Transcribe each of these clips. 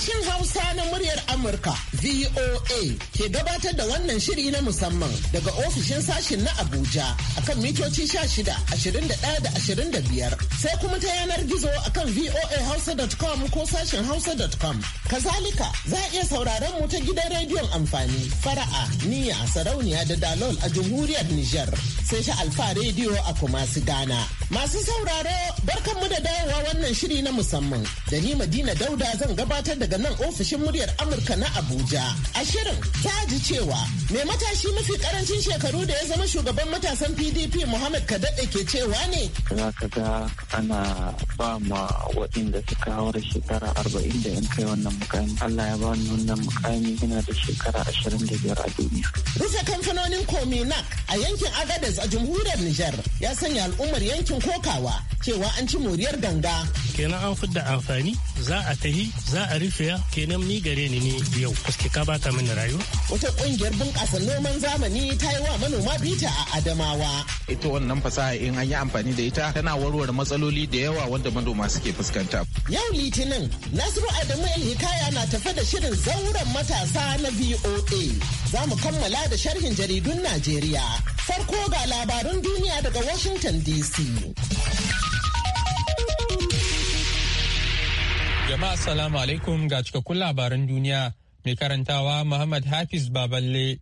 sashin Hausa na muryar Amurka VOA ke gabatar da wannan shiri na musamman daga ofishin sashin na Abuja akan mitoci 16, 21 da da biyar sai kuma ta yanar gizo akan voahausa.com ko sashin hausa.com. Kazalika za a iya sauraron mu ta gidan rediyon amfani fara'a niya sarauniya da dalol a jamhuriyar Nijar sai ta alfa rediyo a kumasi Ghana. Masu sauraro barkanmu da dawowa wannan shiri na musamman da ni Madina Dauda zan gabatar daga nan ofishin muryar Amurka na Abuja. Abuja a shirin ta ji cewa mai matashi mafi karancin shekaru da ya zama shugaban matasan PDP Muhammad Kadaɗe ke cewa ne. Za ka ga ana ba ma waɗanda suka da shekara arba'in da yan kai wannan mukami. Allah ya ba wannan mukami yana da shekara ashirin da biyar a duniya. Rufe kamfanonin Kominak a yankin Agadez a jamhuriyar Nijar ya sanya al'ummar yankin kokawa cewa an ci moriyar ganga kenan an fidda amfani za a tahi za a rufe kenan ni gare ni ne yau Kuske ka bata mini rayuwa wata kungiyar bunƙasa noman zamani ta yi wa manoma bita a adamawa ita wannan fasaha in an yi amfani da ita tana warware matsaloli da yawa wanda manoma suke fuskanta yau litinin nasiru adamu el hikaya na tafe da shirin zauren matasa na voa za mu kammala da sharhin jaridun najeriya farko ga labarun duniya daga washington dc Jama'a salamu alaikum ga cikakkun labaran duniya mai karantawa Muhammad Hafiz Baballe.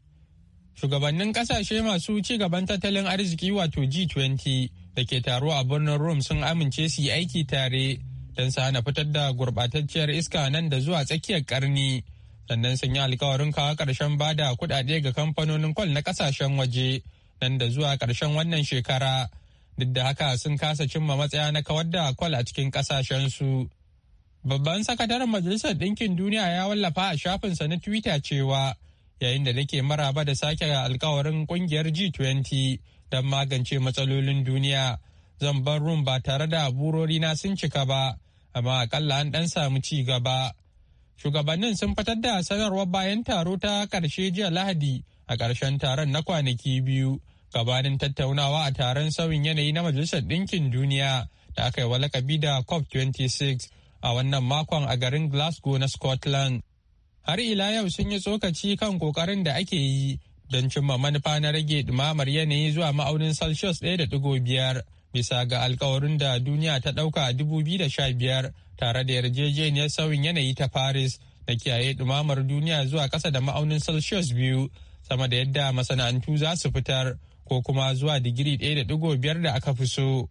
Shugabannin kasashe masu ci gaban tattalin arziki wato G20 da ke taro a birnin Rome sun amince su yi aiki tare don su hana fitar da gurbatacciyar iska nan da zuwa tsakiyar karni. Sannan sun yi alkawarin kawo ƙarshen bada kuɗaɗe ga kamfanonin kwal na ƙasashen waje nan da zuwa karshen wannan shekara. Duk da haka sun kasa cimma matsaya na kawar da kwal a cikin ƙasashensu. su. Babban sakataren Majalisar Ɗinkin Duniya ya wallafa a shafinsa na Twitter cewa yayin da nake maraba da sake alkawarin kungiyar G20 don magance matsalolin duniya zan bar rum ba tare da na sun cika ba, amma akalla an ɗan samu ci gaba. Shugabannin sun fitar da sanarwar bayan taro ta ƙarshe jiya Lahadi a ƙarshen taron na kwanaki biyu gabanin tattaunawa a taron sauyin yanayi na Majalisar Ɗinkin Duniya da aka yi wa lakabi da COP26 a wannan makon a garin Glasgow na Scotland. Har ila yau sun yi tsokaci kan kokarin da ake yi don cimma manufa na rage dumamar yanayi zuwa ma'aunin Celsius biyar bisa ga alkawarin da duniya ta ɗauka a 2015 tare da yarjejeniyar sauyin yanayi ta Paris da kiyaye dumamar duniya zuwa ƙasa da ma'aunin Celsius biyu sama da yadda masana'antu za su fitar ko kuma zuwa digiri ɗaya da aka fi so.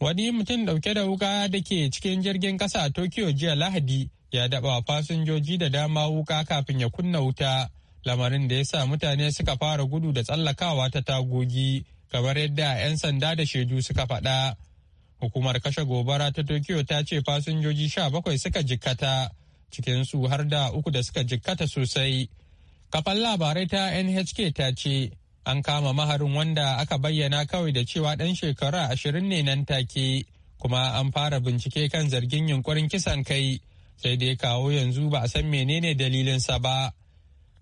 wani mutum dauke da wuka da ke cikin jirgin ƙasa a tokyo jiya lahadi ya daba fasinjoji da dama wuka kafin ya kunna wuta lamarin da ya sa mutane suka fara gudu da tsallakawa ta tagogi kamar yadda 'yan sanda da shaidu suka faɗa hukumar kashe gobara ta tokyo ta ce fasinjoji sha bakwai suka jikkata cikinsu har da uku da suka jikkata sosai kafan labarai ta nhk ta ce an kama maharin wanda aka bayyana kawai da cewa ɗan shekara ashirin ne nan take kuma an fara bincike kan zargin yunkurin kisan kai sai da ya kawo yanzu ba a san menene dalilinsa ba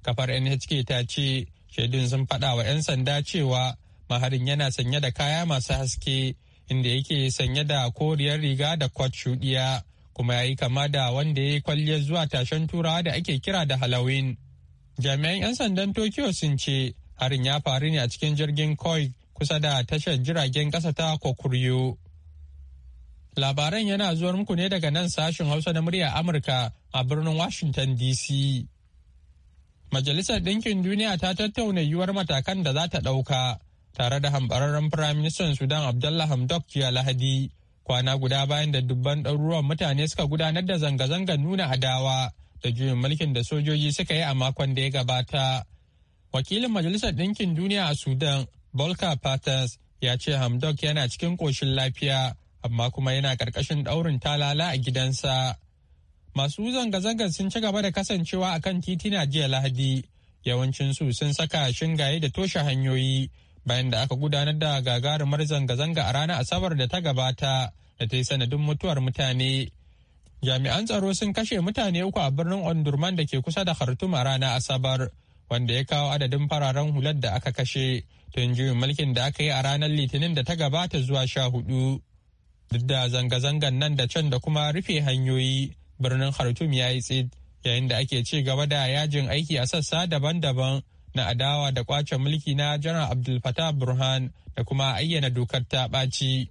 kafar nhk ta ce shaidun sun faɗa wa 'yan sanda cewa maharin yana sanye da kaya masu haske inda yake sanye da koriyar riga da kwat shuɗiya kuma ya yi kama da wanda ya yi kwalliyar zuwa tashen turawa da ake kira da halloween jami'an 'yan sandan tokyo sun ce harin ya faru ne a cikin jirgin koi kusa da tashar jiragen kasa ta kokuryo labaran yana zuwar muku ne daga nan sashen hausa na murya amurka a birnin washington dc majalisar ɗinkin duniya ta tattauna yiwuwar matakan da za ta ɗauka tare da hambararren firaministan sudan abdullah hamdok jiya lahadi kwana guda bayan da dubban ɗaruruwan mutane suka gudanar da zanga-zangar nuna adawa da juyin mulkin da sojoji suka yi a makon da ya gabata wakilin majalisar ɗinkin duniya a sudan volker paters ya ce hamdok yana cikin ƙoshin lafiya amma kuma yana ƙarƙashin ɗaurin talala a gidansa masu zanga-zangar sun ci gaba da kasancewa akan titina jiya lahadi yawancin su sun saka shingaye da toshe hanyoyi bayan da aka gudanar da gagarumar zanga-zanga a ranar asabar da ta gabata da ta yi sanadin mutuwar mutane jami'an tsaro sun kashe mutane uku a birnin ondurman da ke kusa da khartoum a ranar asabar wanda ya kawo adadin fararen hular da aka kashe tun juyin mulkin da aka yi a ranar litinin da ta gabata zuwa sha hudu duk da zanga-zangan nan da can da kuma rufe hanyoyi birnin khartoum ya yi tsid yayin da ake ci gaba da yajin aiki a sassa daban-daban na adawa da kwace mulki na janar abdul fatah burhan da kuma ayyana dokar ta ɓaci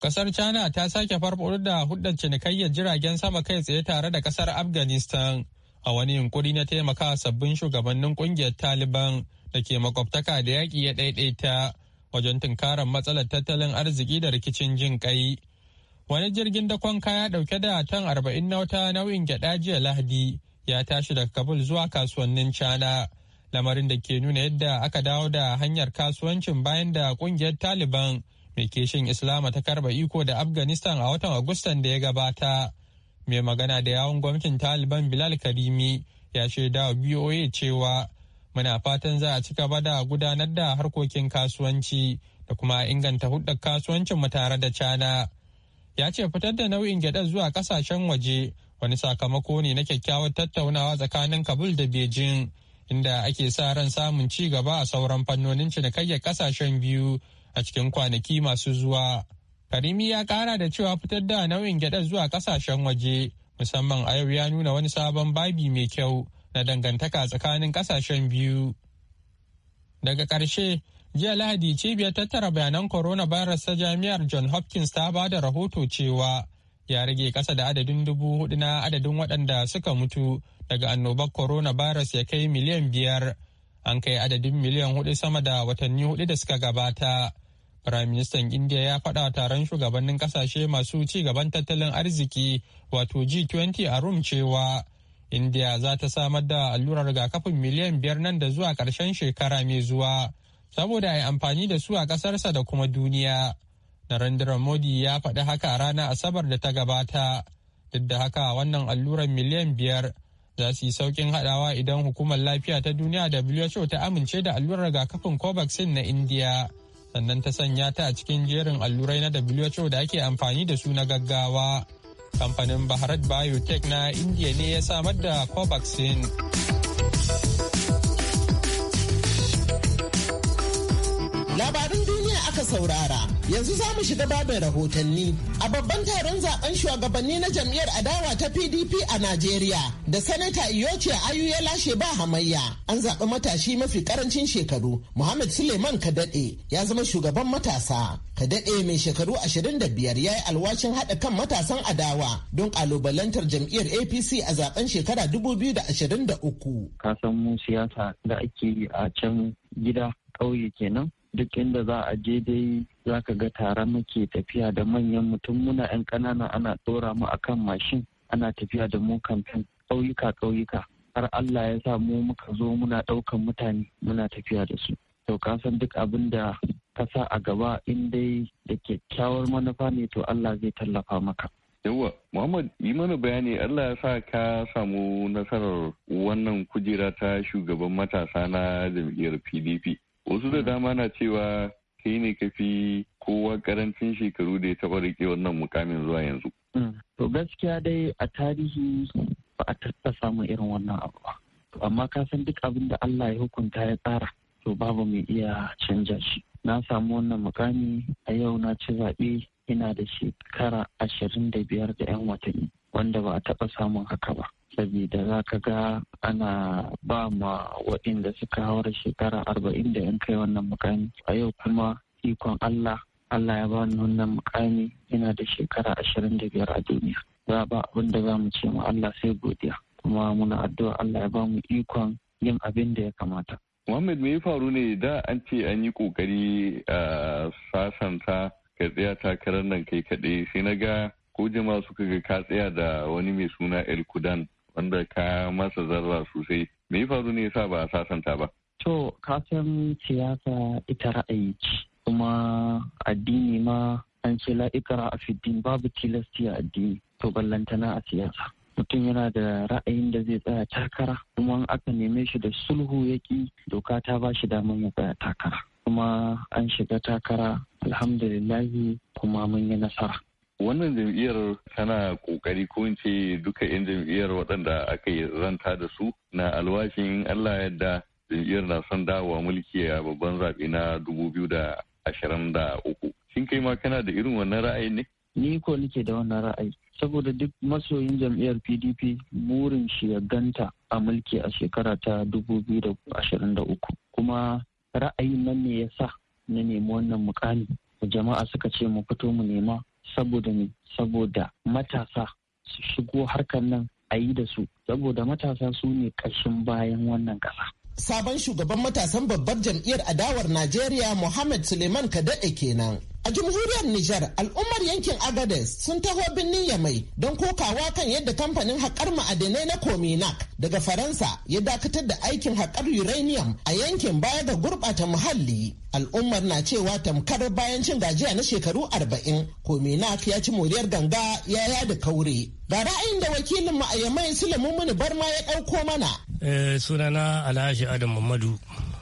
kasar china ta sake farfaɗo da hudar cinikayyar jiragen sama kai tsaye tare da kasar afghanistan a wani yunkuri na taimaka sabbin shugabannin kungiyar taliban da ke makwabtaka da yaƙi ya ɗaiɗaita wajen tunkarar matsalar tattalin arziki da rikicin jin ƙai wani jirgin dakon kaya ɗauke da tan arba'in na wata nau'in gyaɗa jiya lahadi ya tashi daga kabul zuwa kasuwannin cana lamarin da ke nuna yadda aka dawo da hanyar kasuwancin bayan da kungiyar taliban mai ke shin islama ta karba iko da afghanistan a watan agustan da ya gabata mai magana da yawon gwamnatin taliban bilal karimi ya shaida wa boa cewa muna fatan za a ci gaba da gudanar da harkokin kasuwanci da kuma inganta hudar kasuwancinmu tare da cana ya ce fitar da nau'in gyaɗa zuwa kasashen waje wani sakamako ne na kyakkyawar tattaunawa tsakanin kabul da beijing inda ake sa ran samun ci gaba a sauran fannonin cinikayyar kasashen biyu a cikin kwanaki masu zuwa. Karimi ya kara da cewa fitar da nauyin gyaɗar zuwa kasashen waje musamman a yau ya nuna wani sabon babi mai kyau na dangantaka tsakanin kasashen biyu. Daga ƙarshe, jiya Lahadi cibiyar tattara bayanan coronavirus ta jami'ar John Hopkins ta ba da rahoto cewa ya rage ƙasa da adadin dubu hudu na adadin waɗanda suka mutu daga annobar coronavirus ya kai miliyan biyar. An kai adadin miliyan hudu sama da watanni hudu da suka gabata. Firaministan india ya faɗa taron shugabannin kasashe masu ci gaban tattalin arziki wato G20 a rum cewa india za ta samar da allurar rigakafin miliyan biyar nan da zuwa ƙarshen shekara mai zuwa saboda a yi amfani da su a ƙasarsa da kuma duniya. Narendra Modi ya faɗi haka a ranar Asabar da ta gabata. Duk da haka wannan allurar miliyan biyar za su yi sauƙin haɗawa idan hukumar lafiya ta duniya WHO ta amince da allurar rigakafin Covaxin na india. sannan ta sanya ta a cikin jerin allurai na WHO da ake amfani da su na gaggawa. Kamfanin Baharat Biotech na India ne ya samar da Covaxin. Labarin aka saurara. Yanzu za mu shiga babin rahotanni. A babban taron zaben shugabanni na jam'iyyar adawa ta PDP a Najeriya da Sanata Iyoce Ayu ya lashe ba hamayya. An zaɓi matashi mafi ƙarancin shekaru Muhammad Suleiman Kadaɗe ya zama shugaban matasa. Kadaɗe mai shekaru 25 ya yi alwashin haɗa kan matasan adawa don ƙalubalantar jam'iyyar APC a zaben shekara 2023. Ka san mu siyasa da ake yi a can gida ƙauye kenan duk inda za a je dai za ka ga tara muke tafiya da manyan mutum muna 'yan ƙanana ana ɗora mu akan mashin ana tafiya da mu kamfen ƙauyuka ƙauyuka har Allah ya sa mu muka zo muna ɗaukan mutane muna tafiya da su to ka san duk abin da ka sa a gaba in dai da kyakkyawar manufa ne to Allah zai tallafa maka yawwa muhammad yi mana bayani allah ya sa ka samu nasarar wannan kujera ta shugaban matasa na jam'iyyar pdp wasu da hmm. dama na cewa kai ne kafi kowa karancin shekaru da ya taba rike wannan mukamin zuwa yanzu. Hmm. To gaskiya dai a tarihi ba a taɓa samun irin wannan abu ba. Amma ka san duk abin da Allah ya hukunta ya tsara to babu mai iya canja shi. Na samu wannan mukami a yau na ci zaɓe ina da shekara ashirin da biyar da 'yan watanni wanda ba a taɓa samun haka ba. sabida za ka ga ana ba ma waɗanda suka haura shekara arba'in da in kai wannan mukami a yau kuma ikon allah allah ya ba wannan mukami yana da shekara ashirin da biyar a duniya za ba abin da za mu ce ma allah sai godiya kuma muna addu'a allah ya ba mu ikon yin abin da ya kamata Muhammad me ya faru ne da an ce an yi kokari a sasanta ka tsaya takarar nan kai kaɗai sai na ga ko jama'a suka ga ka tsaya da wani mai suna el'kudan. wanda ka masa zarra sosai me faru ne yasa ba a sasanta ba to kasan siyasa ita ra'ayi ce kuma addini ma an ce la'ikara a fiddin babu tilasti a addini to ballantana a siyasa mutum yana da ra'ayin da zai tsaya takara kuma aka neme shi da sulhu yaki doka ta ba shi daman ya tsaya takara kuma an shiga takara alhamdulillahi kuma mun yi nasara wannan jam'iyyar tana kokari ko in ce duka 'yan jam'iyyar waɗanda aka yi zanta da su na alwashin allah yadda jam'iyyar na son dawowa mulki a babban zaɓe na da ashirin uku. shin kai ma kana da irin wannan ra'ayi ne ni ko nake da wannan ra'ayi saboda duk masoyin jam'iyyar pdp burin shi ya ganta a mulki a shekara ta uku. kuma ra'ayin nan ne ya sa na nemi wannan mukami jama'a suka ce mu fito mu nema saboda ne saboda matasa su shigo harkar nan a yi da su saboda matasa su ne ƙarshen bayan wannan ƙasa. Sabon shugaban matasan babbar jam'iyyar adawar Najeriya Mohammed Suleiman kadaɗe kenan. A jamhuriyar Nijar, al'ummar yankin Agades sun taho birnin Yamai don kokawa kan yadda kamfanin haƙar ma'adinai na Kominak daga Faransa ya dakatar da aikin haƙar uranium a yankin baya ga gurɓata muhalli. Al'ummar na cewa tamkar bayan cin gajiya na shekaru arba'in, Kominak ya ci moriyar ganga ya yada kaure. Ga ra'ayin da wakilin mu a Yamai ma Barma ya ɗauko mana. Eh, sunana Alhaji Adam Muhammadu.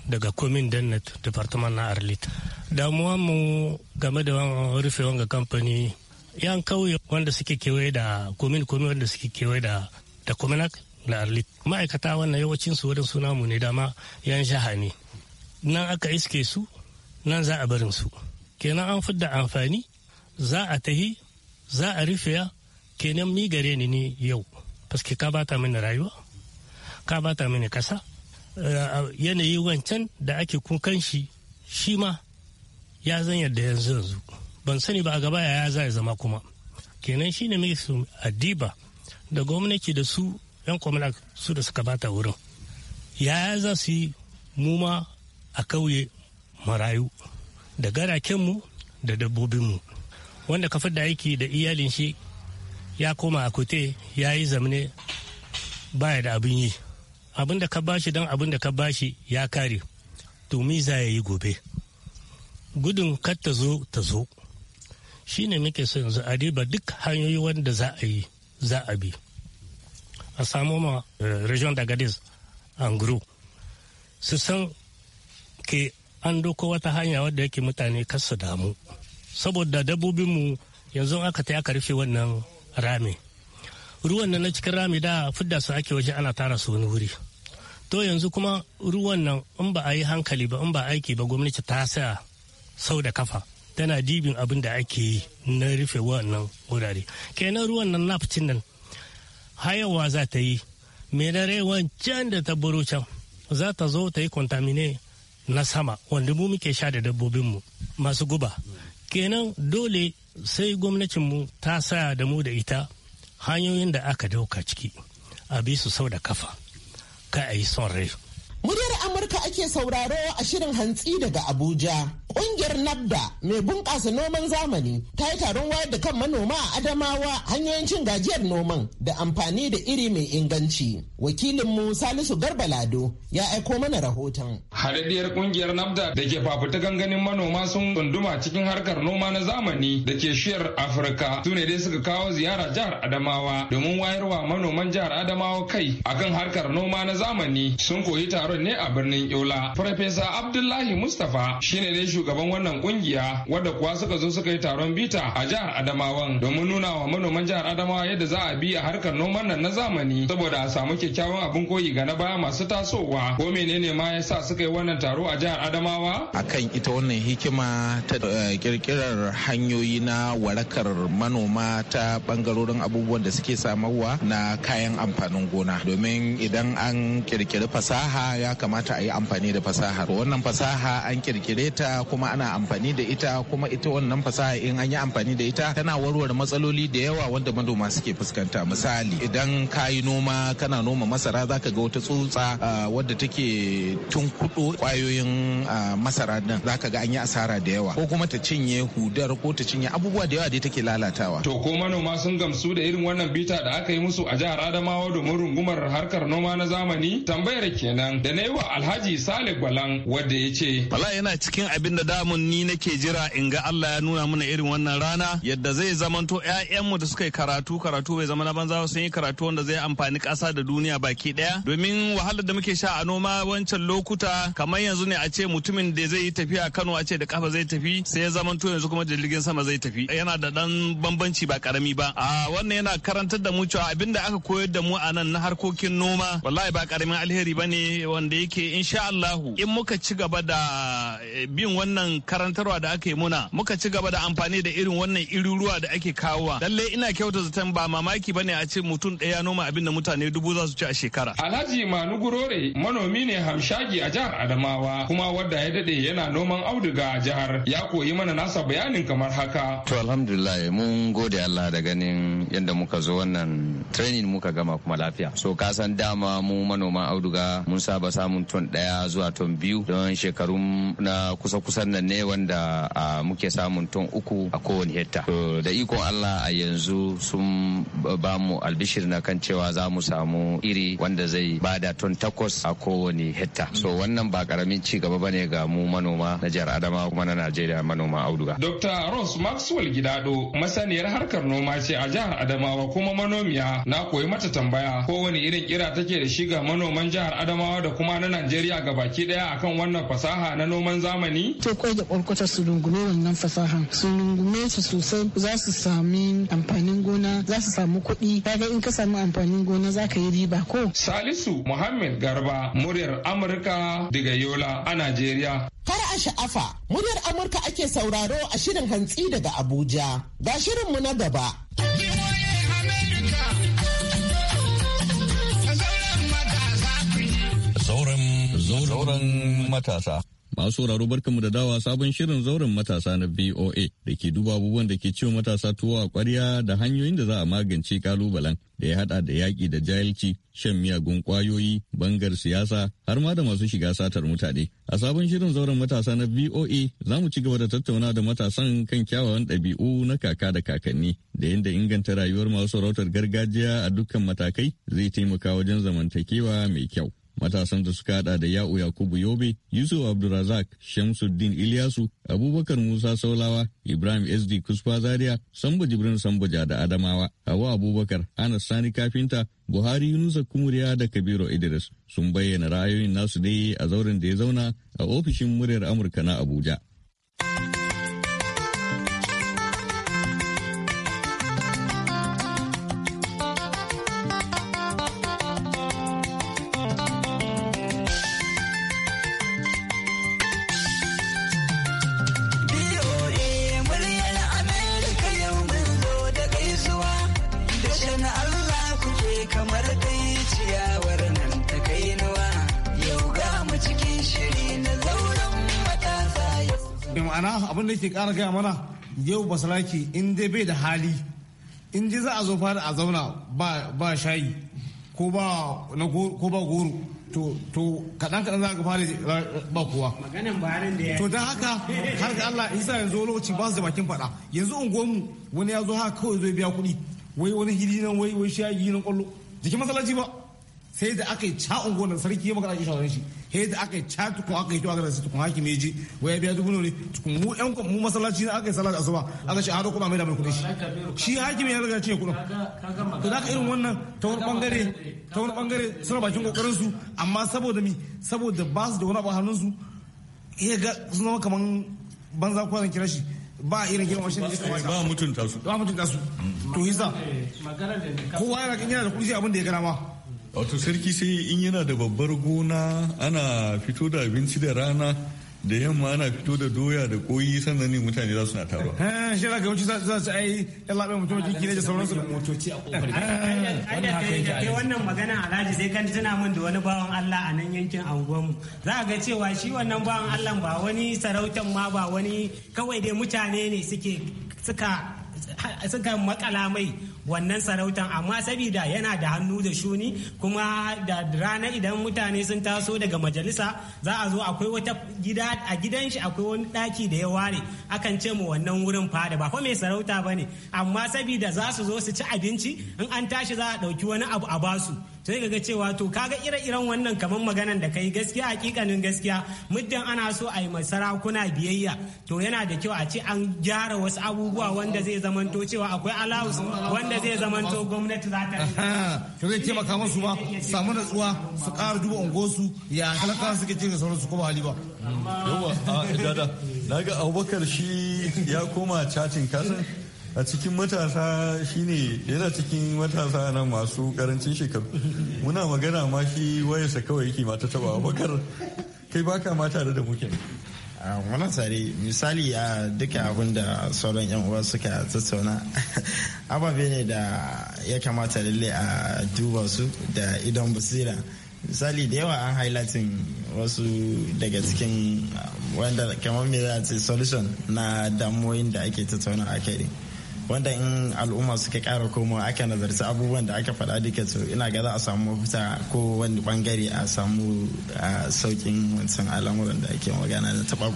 daga komin dennet departement na arlit damuwa mu game da rufe wanga kamfani yan kauye wanda suke kewaye da komin komin wanda suke kewaye da da kominak na arlit ma'aikata wannan yawancin su wurin suna mu ne dama yan shaha ne nan aka iske su nan za a barin su kenan an fidda amfani za a tahi za a rufe ya kenan mi gare ni ne yau paske ka bata mini rayuwa ka bata mini kasa yanayi wancan da ake kukan shi shi ma ya zan yadda yanzu yanzu ban sani ba a gaba ya za ya zama kuma kenan shi ne mai su adiba da gwamnati da su yan kwamna su da suka bata wurin ya za su yi muma a kauye marayu da garakenmu da dabbobinmu wanda kafar da aiki da iyalin shi ya koma a kute ya yi zamne baya da abin yi abin da ka bashi don abin da ka bashi ya kare to za ya yi gobe gudun kar ta zo ta zo shi ne muke so yanzu a riba duk hanyoyi wanda za a yi za a bi a samo ma eh, region dagadez an guru su san ke an doko wata hanya wadda yake mutane kasa damu saboda dabbobinmu yanzu aka ta aka rufe wannan rami ruwan na cikin rami da fudda su ake waje ana tara su wani wuri to yanzu kuma ruwan nan in ba a yi hankali ba in ba aiki ba gwamnati ta sa sau da kafa tana dibin abin da ake yi na rufe wannan wurare kenan ruwan nan nafcin nan hayawa za ta yi menare wancan da ta baro can za ta zo ta yi contamine na sama wanda mu muke sha da dabbobinmu masu guba kenan dole sai gwamnatinmu ta saya da mu da ita hanyoyin da aka dauka ciki a bi sau da kafa ka yi son rai. Muryar Amurka ake sauraro a shirin hantsi daga Abuja. Ƙungiyar Nabda mai bunƙasa noman zamani ta yi taron wayar da kan manoma a Adamawa hanyoyin cin gajiyar noman da amfani da iri mai inganci. Wakilinmu Salisu Garba Lado ya aiko mana rahoton. Haɗaɗɗiyar ƙungiyar Nabda da ke fafuta ganganin manoma sun tsunduma cikin harkar noma na zamani da ke shiyar Afirka su ne dai suka kawo ziyara jihar Adamawa domin wayarwa manoman jihar Adamawa kai akan harkar noma na zamani sun koyi taron ne a birnin Yola. Farfesa Abdullahi Mustapha shine ne shugaban wannan kungiya wadda kuwa suka zo suka yi taron bita a jihar Adamawa domin nuna wa manoman jihar Adamawa yadda za a bi a harkar noman nan na zamani saboda a samu kyakkyawan abin koyi ga na baya masu tasowa ko menene ma ya sa suka yi wannan taro a jihar Adamawa akan ita wannan hikima ta kirkirar eh, hanyoyi na warakar manoma ta bangarorin abubuwan da suke samarwa na kayan amfanin gona domin idan an kirkiri fasaha ya kamata a yi amfani da fasaha wannan fasaha an kirkire ta kuma ana amfani da ita kuma ita wannan fasaha in an yi amfani da ita tana warware matsaloli da yawa wanda manoma suke fuskanta misali idan ka yi noma kana noma masara za ka ga wata tsutsa wadda take tunkuɗo kwayoyin masara nan za ka ga an yi asara da yawa ko kuma ta cinye hudar ko ta cinye abubuwa da yawa da take lalatawa to ko manoma sun gamsu da irin wannan bita da aka yi musu a jihar Adamawa domin rungumar harkar noma na zamani tambayar kenan da na yi wa Alhaji Sale Gwalan wanda ya ce bala yana cikin abin da damun ni nake jira in ga Allah ya nuna mana irin wannan rana yadda zai zamanto ƴaƴanmu da suka yi karatu karatu bai zama na banza sun yi karatu wanda zai amfani ƙasa da duniya baki ɗaya domin wahalar da muke sha a noma wancan lokuta kamar yanzu ne a ce mutumin da zai yi tafiya Kano a ce da kafa zai tafi sai ya zamanto yanzu kuma jirgin sama zai tafi yana da dan bambanci ba karami ba a wannan yana karantar da mu cewa abinda aka koyar da mu a nan na harkokin noma wallahi ba karamin alheri bane wanda yake insha Allah in muka ci gaba da eh, bin wannan karantarwa da aka yi muna muka ci gaba da amfani da irin wannan iruruwa da ake kawowa lalle ina kyauta zaton ba mamaki bane a ce mutum ɗaya noma abin da mutane dubu za su ci a shekara alhaji manugurore manomi ne hamshagi a jihar adamawa kuma wadda ya dade yana noman auduga a jihar ya koyi mana nasa bayanin kamar haka to alhamdulillah mun gode Allah da ganin yadda muka zo wannan training muka gama kuma lafiya so ka san dama mu manoman auduga mun saba samun ton ɗaya zuwa ton biyu don shekarun na kusa kusa kusan nan ne wanda muke samun tun uku a kowane hekta da ikon allah a yanzu sun ba mu albishir na kan cewa za mu samu iri wanda zai bada tun takwas a kowane hekta so wannan ba karamin ci gaba bane ga mu manoma na jihar adama kuma na najeriya manoma auduga dr ross maxwell gidado masaniyar harkar noma ce a jihar adamawa kuma manomiya na koyi mata tambaya kowane irin kira take da shi ga manoman jihar adamawa da kuma na najeriya gabaki baki daya akan wannan fasaha na noman zamani fito da ɓarkwata su rungume wannan fasahan su rungume su sosai za su sami amfanin gona za su samu kuɗi kaga in ka samu amfanin gona za ka yi riba ko. Salisu Muhammad Garba muryar Amurka daga Yola a Najeriya. Kar a sha'afa muryar Amurka ake sauraro a shirin hantsi daga Abuja. Ga mu na gaba. Zauren matasa. Masu sauraro barkanmu da dawa sabon shirin zauren matasa na VOA da ke duba abubuwan da ke ciwo matasa tuwo a kwarya da hanyoyin da za a magance kalubalen da ya hada da yaƙi da jahilci, shan miyagun kwayoyi, bangar siyasa har ma da masu shiga satar mutane. A sabon shirin zauren matasa na VOA za mu ci gaba da tattauna da matasan kan kyawawan ɗabi'u na kaka da kakanni da yadda inganta rayuwar masu sarautar gargajiya a dukkan matakai zai taimaka wajen zamantakewa mai kyau. matasan da suka hada da ya'u yakubu yobe yusuf abdulrazak shamsuddin ilyasu abubakar musa saulawa ibrahim sd kuspa zaria sambo jibrin samboja da adamawa hawa abubakar anas sani kafinta buhari yunusa kumuriya da kabiru idris sun bayyana ra'ayoyin nasu ne a zauren da ya zauna a ofishin muryar amurka na abuja ƙara gaya mana yau salaki in dai bai da hali in ji za a zo fara a zauna ba shayi ko ba goro to kaɗan kaɗan za ka fara ba kowa da ya to don haka har ga Allah isa yanzu lokaci ba su da bakin faɗa yanzu unguwanmu wani ya zo haka kawai zai biya kuɗi wai wani hili nan wai wai shayi nan kwallo jikin masalaci ba sai da aka yi ca unguwar sarki ya magana ake shawarar shi sai da aka yi ca tukun aka yi tuwa gara tukun haki ya ji wa ya biya dubu ne tukun mu yan mu masallaci na aka yi salat asuba aka ce a hado kuma mai damar mai shi shi haki mai riga cinye kudin to da irin wannan ta wani bangare ta wani bangare suna bakin kokarin su amma saboda mi saboda ba su da wani abu hannun su iya ga suna kaman banza kwanan kira shi ba irin girma shi ba mutunta su ba mutunta su to yasa eh, kowa yana kan yana da kudi abin da ya gana ma wato sarki sai in yana da babbar gona ana fito da abinci da rana da yamma ana fito da doya da koyi sannan ne mutane za su na taruwa. shi za ka wuce za su ai yallaɓe mutum jiki ne da sauransu da motoci a kofar gida. wannan magana alhaji sai kan tuna min da wani bawan Allah a nan yankin anguwanmu. Za a ga cewa shi wannan bawan Allah ba wani sarautan ma ba wani kawai dai mutane ne suke suka suka makala mai wannan sarautan amma sabida yana da hannu da shuni kuma da rana idan mutane sun taso daga majalisa za a zo akwai wata gida a gidan shi akwai wani daki da ya ware akan ce mu wannan wurin fada ba ko mai sarauta bane amma sabida za su zo su ci abinci in an tashi za a dauki wani abu a basu sai ga cewa to kaga ire-iren wannan kamar maganan da kai gaskiya hakikanin gaskiya muddin ana so a yi sarakuna biyayya to yana da kyau a ce an gyara wasu abubuwa wanda zai zamanto cewa akwai alawus wanda zai zamanto gwamnati za ta to zai taimaka musu ba samu natsuwa su ƙara duba ungosu ya halaka suke ce ga sauransu kuma hali ba yawa a dada naga abubakar shi ya koma cacin kasan a cikin matasa shine yana cikin matasa na masu karancin shekaru muna magana ma shi wayarsa kawai yake mata taba bakar kai baka ma tare da muke wannan tsari misali a duka abin da sauran yan uwa suka tattauna ababe ne da ya kamata lalle a duba su da idan basira misali da yawa an highlighting wasu daga cikin wanda kamar me za a ce solution na damuwoyin da ake tattauna a kai wanda in al'umma suka kara komo aka nazarci abubuwan da aka faɗa duka to ina ga za a samu mafita ko wani bangare a samu saukin wancan al'amuran da ake magana da taɓa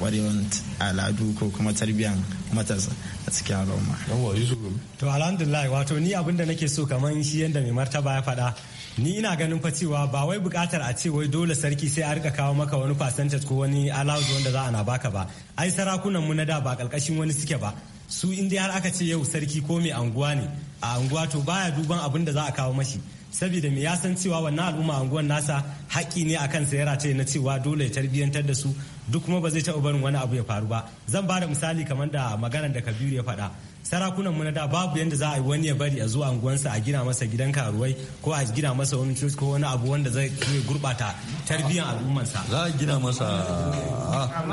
al'adu ko kuma tarbiyan matasa a cikin al'umma. to alhamdulillah wato ni abin da nake so kamar shi yadda mai martaba ya faɗa ni ina ganin fa cewa ba wai bukatar a ce wai dole sarki sai a rika kawo maka wani percentage ko wani allowance wanda za a na baka ba ai sarakunan mu na da ba kalkashin wani suke ba su inda har aka ce yau sarki ko mai anguwa ne a anguwa to baya duban abin da za a kawo mashi saboda mai ya san cewa wannan al'umma anguwan nasa haƙƙi ne akan sa ya na cewa dole ya tarbiyyantar da su duk kuma ba zai taɓa barin wani abu ya faru ba zan ba da misali kamar da maganar da kabiru ya faɗa sarakunan mu na da babu yadda za a yi wani ya bari a zuwa unguwansa a gina masa gidan karuwai ko a gina masa wani church ko wani abu wanda zai gurbata tarbiyyar al'ummarsa za a gina masa ah,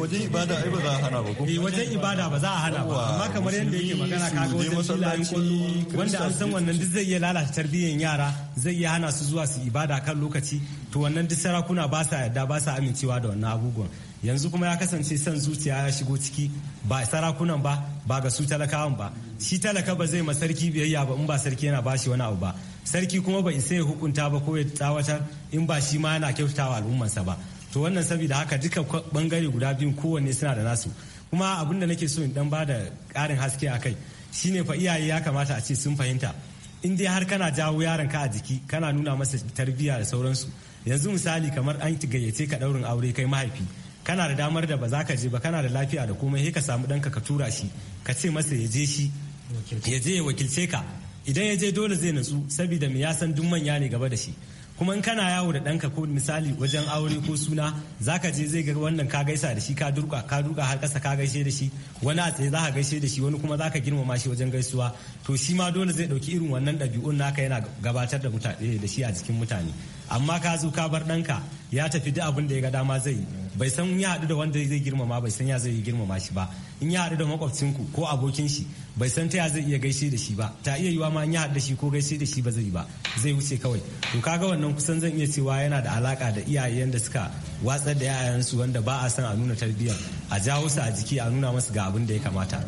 wajen ibada ai ba za a hana ba eh, wajen ibada ba za a hana ba amma kamar yadda yake magana kaga wajen filayen kwallo wanda an san wannan duk zai iya lalata tarbiyyar yara zai iya hana su zuwa su ibada kan lokaci to wannan duk sarakuna ba sa yarda ba sa amincewa da wannan abubuwan yanzu kuma ya kasance son zuciya ya shigo ciki ba sarakunan ba ba ga su talakawan ba shi talaka ba zai ma sarki biyayya ba in ba sarki yana ba shi wani abu ba sarki kuma ba isa ya hukunta ba ko ya tsawatar in ba shi ma yana kyautawa al'ummarsa ba to wannan saboda haka duka bangare guda biyu kowanne suna da nasu kuma abin da nake so in dan ba da karin haske a kai shine fa iyaye ya kamata a ce sun fahimta in dai har kana jawo yaron ka a jiki kana nuna masa tarbiyya da sauransu yanzu misali kamar an gayyace ka daurin aure kai mahaifi kana da damar da ba za ka je ba kana da lafiya da komai sai ka samu danka ka tura shi ka ce masa ya je shi ya je ya wakilce ka idan ya je dole zai natsu saboda me ya san duk manya ne gaba da shi kuma in kana yawo da ɗanka ko misali wajen aure ko suna zaka je zai ga wannan ka gaisa da shi ka duka ka duka har kasa ka gaishe da shi wani a tsaye za ka gaishe da shi wani kuma zaka girmama shi wajen gaisuwa to shi ma dole zai dauki irin wannan ɗabi'un naka yana gabatar da mutane da shi a jikin mutane amma ka zo ka bar danka ya tafi duk abin da ya ga dama zai bai san ya haɗu da wanda zai girmama bai san ya zai yi girmama shi ba in ya haɗu da makwabcin ku ko abokin shi bai san ta ya zai iya gaishe da shi ba ta iya yiwa ma in ya haɗu da shi ko gaishe da shi ba zai ba zai wuce kawai to kaga wannan kusan zan iya cewa yana da alaka da iyayen da suka watsar da yayansu wanda ba a san a nuna tarbiyyar a jawo su a jiki a nuna masu ga abin da ya kamata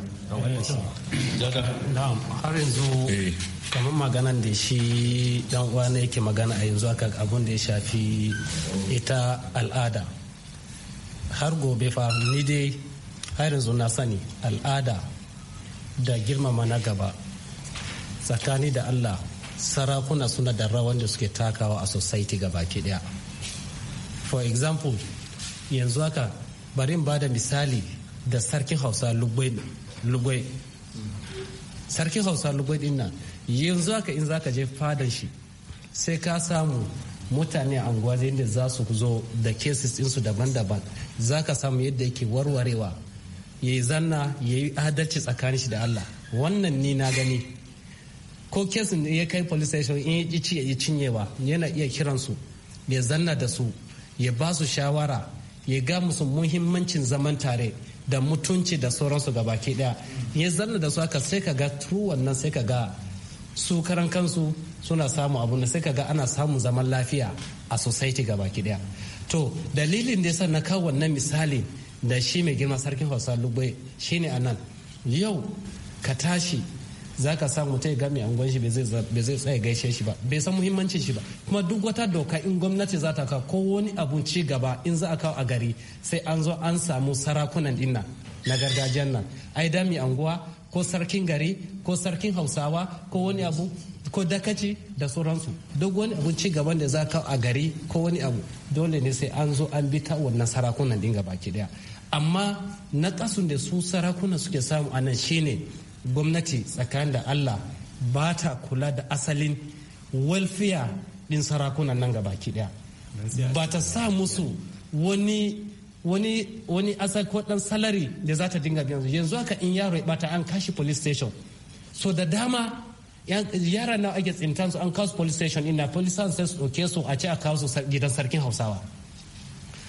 har eh. kamar maganan da shi dan uwana yake magana a yanzu haka abun da ya shafi ita al'ada har gobe fa ni dai har yanzu na sani al'ada da girmama na gaba tsakani da allah sarakuna suna da rawan da suke takawa a society baki daya for example yanzu haka bari ba da misali da sarkin hausa lugwai sarkin hausa lugwai din nan yanzu haka in zaka je fadan shi sai ka samu mutane a unguwa da za su zo da cases ɗinsu daban-daban za ka samu yadda yake warwarewa ya yi zanna ya yi adalci tsakanin shi da Allah wannan ni na gani ko kesin ya kai police station in ya ci ya cinyewa yana iya kiransu ya zanna da su ya ba su shawara ya ga musu muhimmancin zaman tare da mutunci da sauransu ga baki daya ya zanna da su haka sai ka ga tuwon wannan sai ka ga su karan kansu suna samu abu da sai kaga ana samun zaman lafiya a society baki daya to dalilin da yasa na kawo wannan misali da shi mai girma sarkin hausa lugbe shine anan yau ka tashi za ka samu ta ga mai angon shi bai zai tsaye gaishe shi ba bai san muhimmancin shi ba kuma duk wata doka in gwamnati za ta kawo ko wani abu ci gaba in za a kawo a gari sai an zo an samu sarakunan dinna na gargajiyar nan ai da mai anguwa ko sarkin gari ko sarkin hausawa ko wani abu ko dakaci da sauransu duk wani abu ci gaban da za ka a gari ko wani abu dole ne sai an zo an bi ta wannan sarakunan dinga baki daya amma na kasun da su sarakuna suke samu a nan shine gwamnati tsakanin da allah ba ta kula da asalin walfiya din sarakunan nan ga baki daya ba ta sa musu wani wani wani asal ko dan salari da za ta dinga biyan yanzu haka in yaro ya bata an kashi police station so da dama yara na ake su an kawo police station ina police sai su ɗauke su a ce a kawo su gidan sarkin hausawa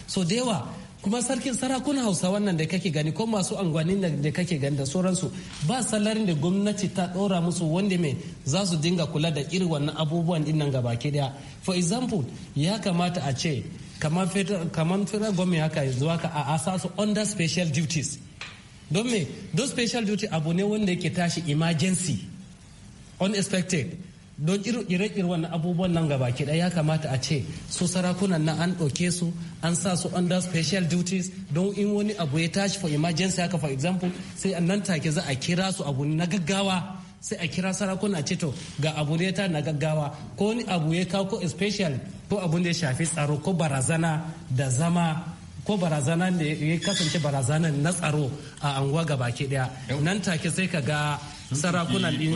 so da yawa kuma sarkin Sarakun hausawa nan da kake gani ko masu angwani da kake gani da sauransu ba salarin da gwamnati ta ɗora musu wanda mai za su dinga kula da irin wannan abubuwan dinnan gabaki daya for example ya kamata a ce kamar federal government haka yanzu haka a asa su under special duties don me don special duty abu ne wanda yake tashi emergency unexpected don ire-ire wannan abubuwan nan gaba ki ya kamata a ce su sarakunan nan an ɗauke su an sa su under special duties don in wani abu ya tashi for emergency haka for example sai nan take za a kira su abu na gaggawa sai a kira sarakuna ce to ga abu ne ta na gaggawa ko wani abu ya kawo special ko abin da ya shafi tsaro ko barazana da zama ko barazana da ya kasance barazana na tsaro a anguwa ga baki daya nan take sai ka ga sarakunan din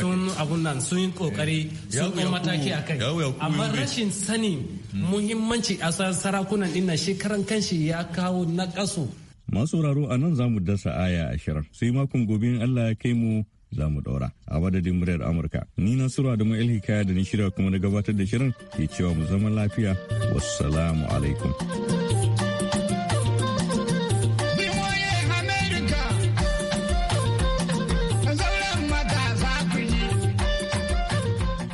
sun abun nan sun yi kokari eh. sun yi mataki akai amma rashin sani hmm. muhimmanci a sarakunan din na shekaran kanshi ya kawo na kasu masu raro a nan zamu dasa aya ashirin sai makon gobe in Allah ya kai mu za mu ɗora a madadin muryar amurka ni na sura da mai hikaya da ni shirya kuma na gabatar da shirin ke cewa mu zama lafiya wassalamu alaikum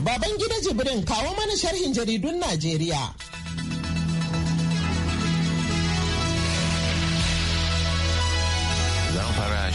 Baban gida Jibrin kawo mana sharhin jaridun Najeriya.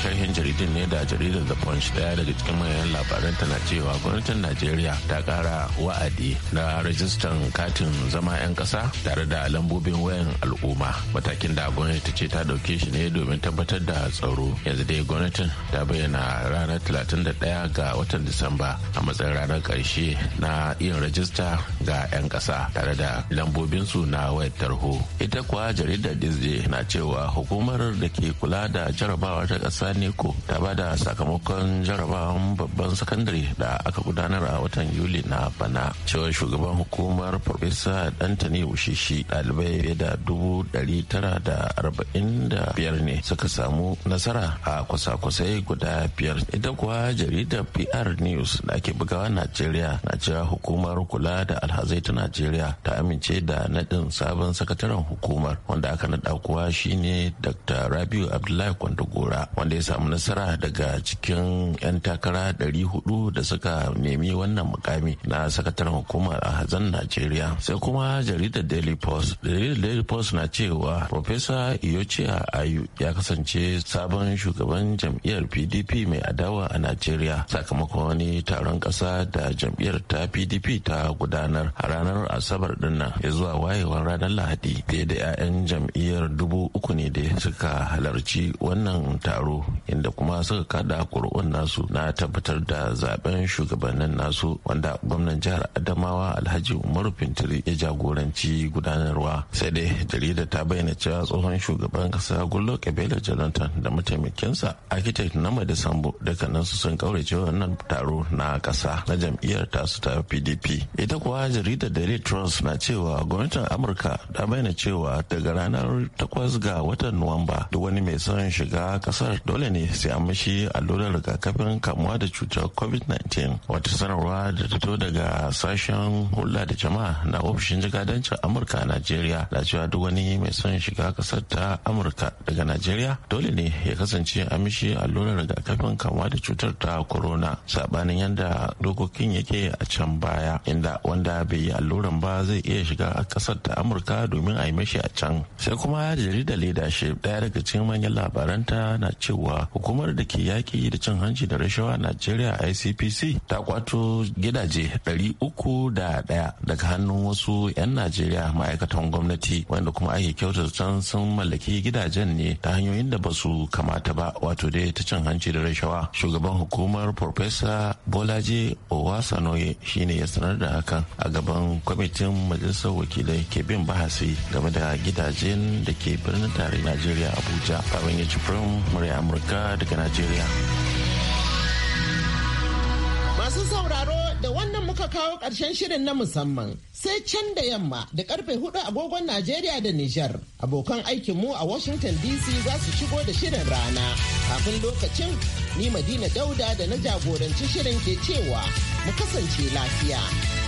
sharhin jaridin ne da jaridar The Punch daya daga cikin manyan labaran tana cewa gwamnatin Najeriya ta kara wa'adi na rajistan katin zama 'yan kasa tare da lambobin wayan al'umma. Matakin da gwamnati ce ta dauke shi ne domin tabbatar da tsaro. Yanzu dai gwamnatin ta bayyana ranar 31 ga watan Disamba a matsayin ranar karshe na yin rajista ga 'yan kasa tare da lambobinsu na wayar tarho. Ita kuwa jaridar Disney na cewa hukumar da ke kula da jarabawa ta ƙasa ta neko ta ba da sakamakon jarabawan babban sakandare da aka gudanar a watan yuli na bana cewa shugaban hukumar farfesa dantani ushishi dalibai fiye da dubu ɗari tara da arba'in da biyar ne suka samu nasara a kwasa-kwasai guda biyar ita kuwa jaridar pr news da ake bugawa najeriya na cewa hukumar kula da alhazai ta najeriya ta amince da naɗin sabon sakataren hukumar wanda aka naɗa kuwa shine dr rabiu abdullahi kwandagora wanda ya samu nasara daga cikin 'yan takara 400 da suka nemi wannan mukami na sakataren hukumar a hazan najeriya sai kuma jaridar daily post jaridar daily post na cewa professor iyochia ayu ya kasance sabon shugaban jam'iyyar pdp mai adawa a najeriya sakamakon wani taron ƙasa da jam'iyyar ta pdp ta gudanar a ranar asabar dinnan ya zuwa wayewar ranar lahadi fiye da 'ya'yan jam'iyyar dubu uku ne da suka halarci wannan taro inda kuma suka kada ƙuri'un nasu na tabbatar da zaben shugabannin nasu wanda gwamnan jihar adamawa alhaji Umaru fintiri ya jagoranci gudanarwa sai dai jarida ta bayyana cewa tsohon shugaban kasa gullo kabila jonathan da mataimakinsa architect na nan su sun kaurace wannan taro na kasa na jam'iyyar tasu ta pdp ita kuwa jaridar Red trust na cewa gwamnatin amurka ta bayyana cewa daga ranar 8 ga watan nuwamba duk wani mai son shiga kasar dole dole ne sai an mashi allurar rigakafin kamuwa da cutar covid-19 wata sanarwa da ta daga sashen hulɗa da jama'a na ofishin jigadancin amurka a najeriya da cewa duk wani mai son shiga kasar ta amurka daga najeriya dole ne ya kasance an mishi allurar rigakafin kamuwa da cutar ta corona sabanin yadda dokokin yake a can baya inda wanda bai yi alluran ba zai iya shiga a kasar ta amurka domin a yi mashi a can sai kuma jaridar leadership ɗaya daga cikin manyan labaranta na cewa cewa hukumar da ke yaƙi da cin hanci da rashawa Najeriya ICPC ta kwato gidaje 301 daga hannun wasu 'yan Najeriya ma'aikatan gwamnati wanda kuma ake kyautar can sun mallaki gidajen ne ta hanyoyin da ba su kamata ba wato dai ta cin hanci da rashawa. Shugaban hukumar Profesa Bolaje Owasanoye shine ya sanar da hakan a gaban kwamitin majalisar wakilai ke bin bahasi game da gidajen da ke birnin tare Najeriya Abuja. a ya ci murya Amurka. amurka daga najeriya masu sauraro da wannan muka kawo ƙarshen shirin na musamman sai can da yamma da karfe hudu agogon najeriya da nijar abokan aikinmu a washington dc za su shigo da shirin rana kafin lokacin ni madina dauda da na jagoranci shirin ke cewa mu kasance lafiya.